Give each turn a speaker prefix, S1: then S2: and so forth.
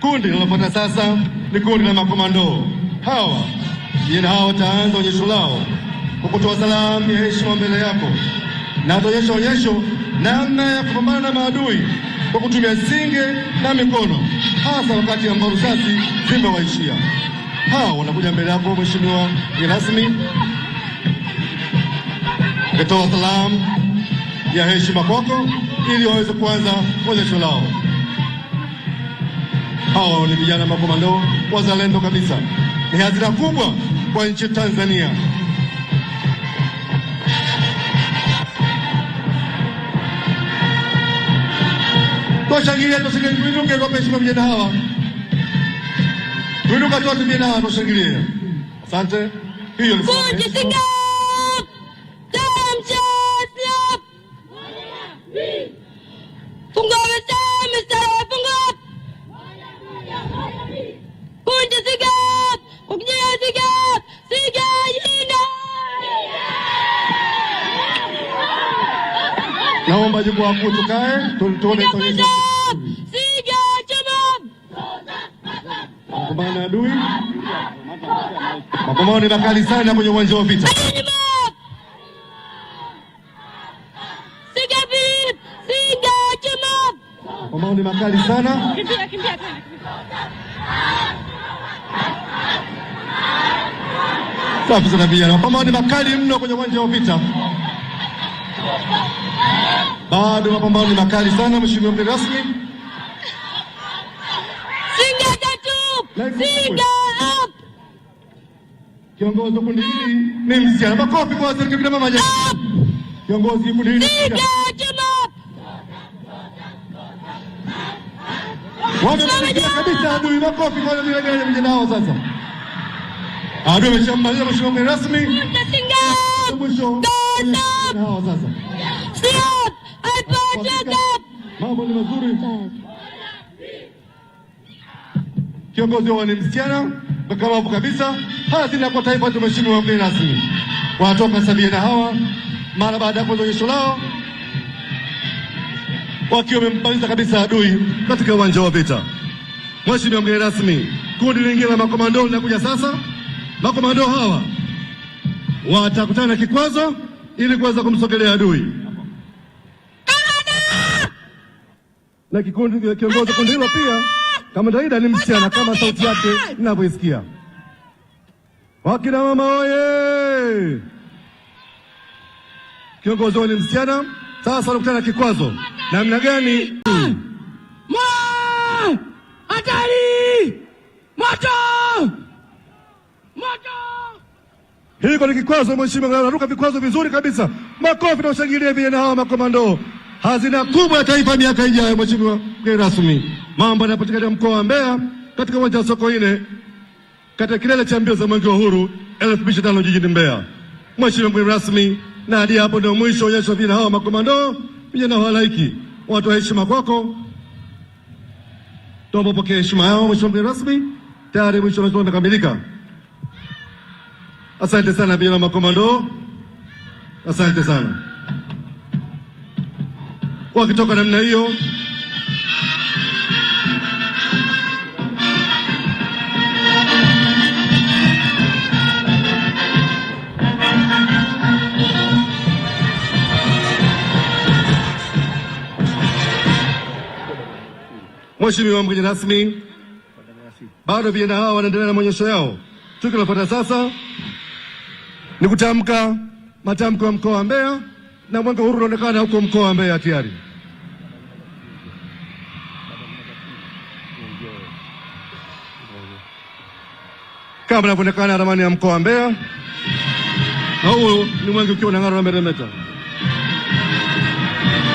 S1: Kundi linalofuata sasa ni kundi la makomando. Hawa vijana hawa wataanza onyesho lao kwa kutoa salamu ya heshima mbele yako, na wataonyesha onyesho namna ya kupambana na maadui kwa kutumia singe na mikono, hasa wakati ambao risasi zimewaishia. Hawa wanakuja mbele yako mheshimiwa mgeni rasmi, akitoa salamu ya heshima kwako ili waweze kuanza onyesho lao. Hao ni vijana makomando wazalendo kabisa, ni hazina kubwa kwa nchi Tanzania. Twashangilia, tuinuke kwa heshima vijana hawa, tuinuka vijana hawa, twashangilia. Asante. hiyo Naomba jukwaa kuu tukae, tumtole Tonyesha kupambana adui. Mapambano ni makali sana kwenye uwanja wa vita. Mapambano ni makali sana. Kimbia, kimbia tena. Safi sana vijana, mapambano ni makali mno kwenye uwanja wa vita. Bado mapambano ni makali sana, mheshimiwa mgeni rasmi.
S2: Singa tatu, singa up.
S1: Kiongozi wa kundi hili ni msichana. Makofi kwa serikali Mama maji. Kiongozi wa kundi hili
S2: singa up.
S1: Wamempigia kabisa adui, makofi kwa wale wale mjenao sasa. Adui ameshamaliza, mheshimiwa mgeni rasmi.
S2: Singa up. Mwisho. Nao sasa. Singa up.
S1: Mambo ni mazuri. Kiongozi wao ni msichana kakamavu kabisa. Hazina kwa taifa tumeshindwa mgeni rasmi wanatoka Samia na Hawa mara baada ya kwanza onyesho lao wakiwa wamempaliza kabisa adui katika uwanja wa vita. Mheshimiwa mgeni rasmi, kundi lingine la makomando linakuja sasa. Makomando hawa watakutana kikwazo ili kuweza kumsogelea adui. na kikundi kiongozi kundi hilo pia kama Daida ni msichana kama sauti yake ninavyoisikia. Wakina mama oye! Kiongozi ni msichana. Sasa wanakutana kikwazo namna gani?
S2: Hatari! Moto! Moto!
S1: Hiko ni kikwazo mheshimiwa, anaruka vikwazo vizuri kabisa. Makofi na ushangilie vijana hawa makomando hazina kubwa ya taifa miaka ijayo. Mheshimiwa mgeni rasmi, mambo yanapatikana mkoa wa Mbeya katika uwanja wa Sokoine katika kilele cha mbio za mwenge wa uhuru 2025 jijini Mbeya. Mheshimiwa mgeni rasmi, na hadi hapo ndio mwisho onyesho vijana hawa makomando, vijana hawa halaiki, watu wa heshima kwako, tuomba pokea heshima yao. Mheshimiwa mgeni rasmi, tayari mwisho onyesho umekamilika. Asante sana vijana makomando, asante sana wakitoka namna hiyo Mheshimiwa mgeni rasmi, bado vijana hao wanaendelea na maonyesho yao. Tukio linalofuata sasa ni kutamka matamko ya mkoa wa Mbeya, na mwenge huru unaonekana huko mkoa wa Mbeya tayari. kama inavyoonekana ramani ya mkoa wa Mbeya, na ni ulimwengu ukiwa unang'ara na meremeta.